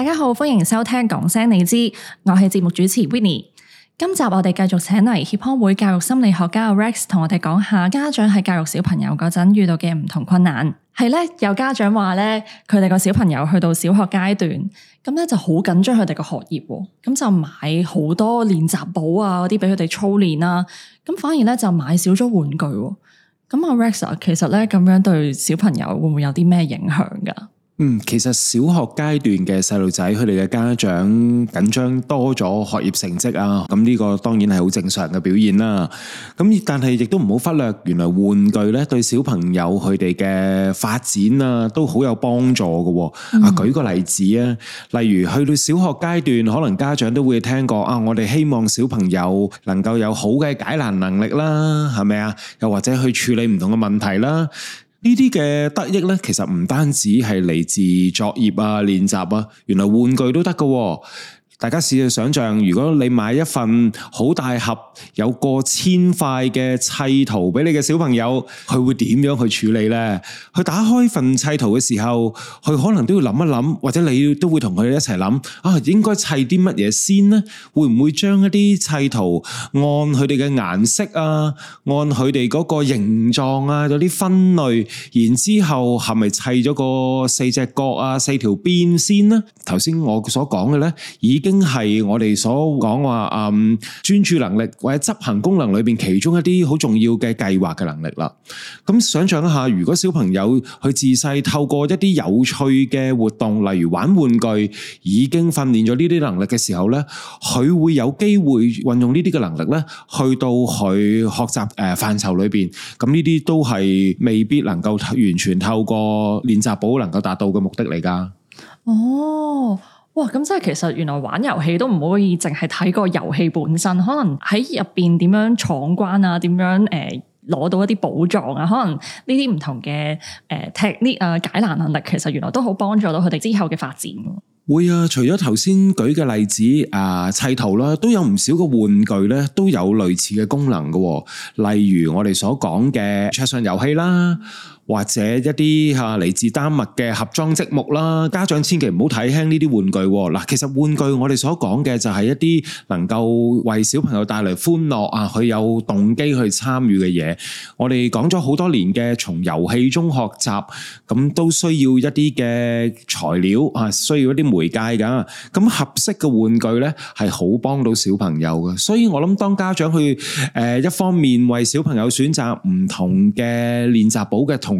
大家好，歡迎收聽講聲你知，我係節目主持 Winnie。今集我哋繼續請嚟協康會教育心理學家阿 Rex 同我哋講下家長喺教育小朋友嗰陣遇到嘅唔同困難。係咧，有家長話咧，佢哋個小朋友去到小學階段，咁咧就好緊張佢哋個學業，咁就買好多練習簿啊，嗰啲俾佢哋操練啦、啊。咁反而咧就買少咗玩具。咁阿 Rex 啊，其實咧咁樣對小朋友會唔會有啲咩影響噶嗯，其實小學階段嘅細路仔，佢哋嘅家長緊張多咗學業成績啊，咁呢個當然係好正常嘅表現啦。咁但係亦都唔好忽略，原來玩具呢，對小朋友佢哋嘅發展啊，都好有幫助嘅。啊，舉個例子啊，例如去到小學階段，可能家長都會聽過啊，我哋希望小朋友能夠有好嘅解難能力啦，係咪啊？又或者去處理唔同嘅問題啦。呢啲嘅得益咧，其實唔單止係嚟自作業啊、練習啊，原來玩具都得嘅哦。大家試下想像，如果你買一份好大盒有過千塊嘅砌圖俾你嘅小朋友，佢會點樣去處理呢？佢打開份砌圖嘅時候，佢可能都要諗一諗，或者你都會同佢一齊諗啊，應該砌啲乜嘢先呢？會唔會將一啲砌圖按佢哋嘅顏色啊，按佢哋嗰個形狀啊嗰啲分類，然之後係咪砌咗個四隻角啊四條邊先呢？頭先我所講嘅呢已經，係我哋所講話，專注能力或者執行功能裏邊其中一啲好重要嘅計劃嘅能力啦。咁想象一下，如果小朋友佢自細透過一啲有趣嘅活動，例如玩玩具，已經訓練咗呢啲能力嘅時候呢，佢會有機會運用呢啲嘅能力呢，去到佢學習誒範疇裏邊。咁呢啲都係未必能夠完全透過練習簿能夠達到嘅目的嚟噶。哦。哇！咁即係其實原來玩遊戲都唔可以淨係睇個遊戲本身，可能喺入邊點樣闖關啊，點樣誒攞、呃、到一啲寶藏啊，可能呢啲唔同嘅誒 technique 啊、解難能力，其實原來都好幫助到佢哋之後嘅發展。會啊！除咗頭先舉嘅例子啊砌圖啦，都有唔少個玩具咧都有類似嘅功能嘅，哦，例如我哋所講嘅桌上遊戲啦。或者一啲吓嚟自丹麥嘅盒裝積木啦，家長千祈唔好睇輕呢啲玩具嗱、啊，其實玩具我哋所講嘅就係一啲能夠為小朋友帶嚟歡樂啊，佢有動機去參與嘅嘢。我哋講咗好多年嘅從遊戲中學習，咁都需要一啲嘅材料啊，需要一啲媒介噶。咁合適嘅玩具咧係好幫到小朋友嘅，所以我諗當家長去誒、呃、一方面為小朋友選擇唔同嘅練習簿嘅同。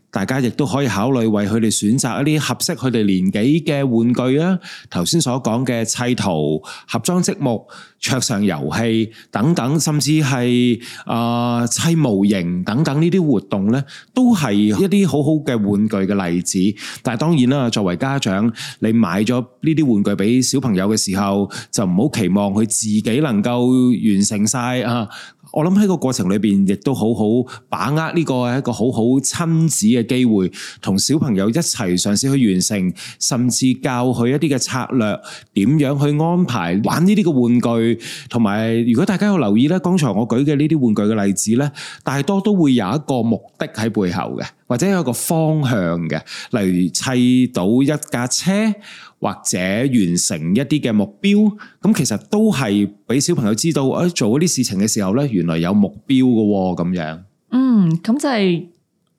大家亦都可以考慮為佢哋選擇一啲合適佢哋年紀嘅玩具啊！頭先所講嘅砌圖、合裝積木、桌上遊戲等等，甚至係啊、呃、砌模型等等呢啲活動呢，都係一啲好好嘅玩具嘅例子。但係當然啦，作為家長，你買咗呢啲玩具俾小朋友嘅時候，就唔好期望佢自己能夠完成曬啊！我諗喺個過程裏邊，亦都好好把握呢個係一個好好親子機會同小朋友一齊嘗試去完成，甚至教佢一啲嘅策略，點樣去安排玩呢啲嘅玩具，同埋如果大家有留意呢，剛才我舉嘅呢啲玩具嘅例子呢，大多都會有一個目的喺背後嘅，或者有一個方向嘅，例如砌到一架車，或者完成一啲嘅目標。咁其實都係俾小朋友知道，誒，做嗰啲事情嘅時候呢，原來有目標嘅，咁樣。嗯，咁就係。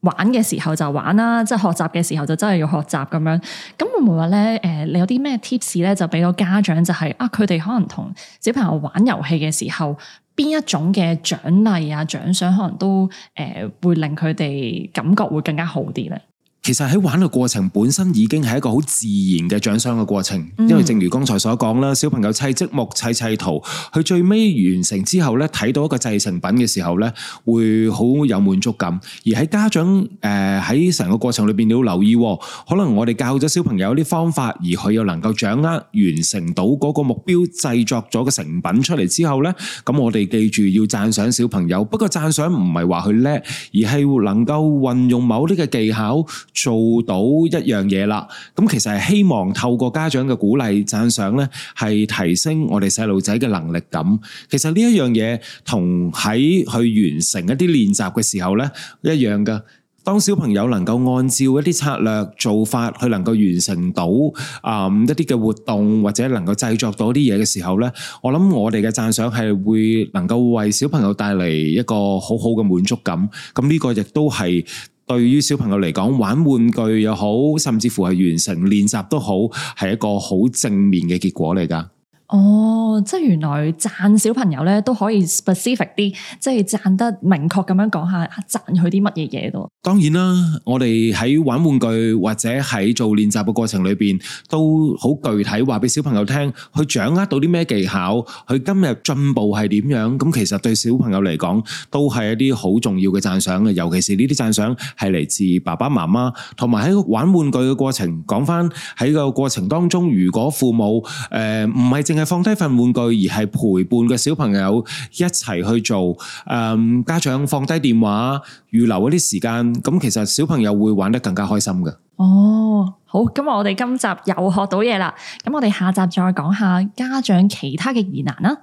玩嘅時候就玩啦，即係學習嘅時候就真係要學習咁樣。咁會唔會話咧？誒、呃，你有啲咩 tips 咧？就俾個家長就係、是、啊，佢哋可能同小朋友玩遊戲嘅時候，邊一種嘅獎勵啊、獎賞，可能都誒、呃、會令佢哋感覺會更加好啲咧？其實喺玩嘅過程本身已經係一個好自然嘅獎賞嘅過程，嗯、因為正如剛才所講啦，小朋友砌積木、砌砌圖，佢最尾完成之後咧，睇到一個製成品嘅時候咧，會好有滿足感。而喺家長誒喺成個過程裏邊你要留意，可能我哋教咗小朋友啲方法，而佢又能夠掌握完成到嗰個目標，製作咗個成品出嚟之後咧，咁我哋記住要讚賞小朋友。不過讚賞唔係話佢叻，而係能夠運用某啲嘅技巧。做到一樣嘢啦，咁其實係希望透過家長嘅鼓勵讚賞咧，係提升我哋細路仔嘅能力感。其實呢一樣嘢同喺去完成一啲練習嘅時候咧一樣噶。當小朋友能夠按照一啲策略做法，去能夠完成到啊一啲嘅活動或者能夠製作到啲嘢嘅時候咧，我諗我哋嘅讚賞係會能夠為小朋友帶嚟一個好好嘅滿足感。咁呢個亦都係。對於小朋友嚟講，玩玩具又好，甚至乎係完成練習都好，係一個好正面嘅結果嚟㗎。哦，即係原來讚小朋友咧都可以 specific 啲，即係讚得明確咁樣講下，讚佢啲乜嘢嘢都。當然啦，我哋喺玩玩具或者喺做練習嘅過程裏邊，都好具體話俾小朋友聽，佢掌握到啲咩技巧，佢今日進步係點樣。咁其實對小朋友嚟講，都係一啲好重要嘅讚賞嘅。尤其是呢啲讚賞係嚟自爸爸媽媽，同埋喺玩玩具嘅過程講翻喺個過程當中，如果父母誒唔係淨係。放低份玩具，而係陪伴個小朋友一齊去做。嗯，家長放低電話，預留一啲時間，咁其實小朋友會玩得更加開心嘅。哦，好，咁我哋今集又學到嘢啦。咁我哋下集再講下家長其他嘅疑難啦。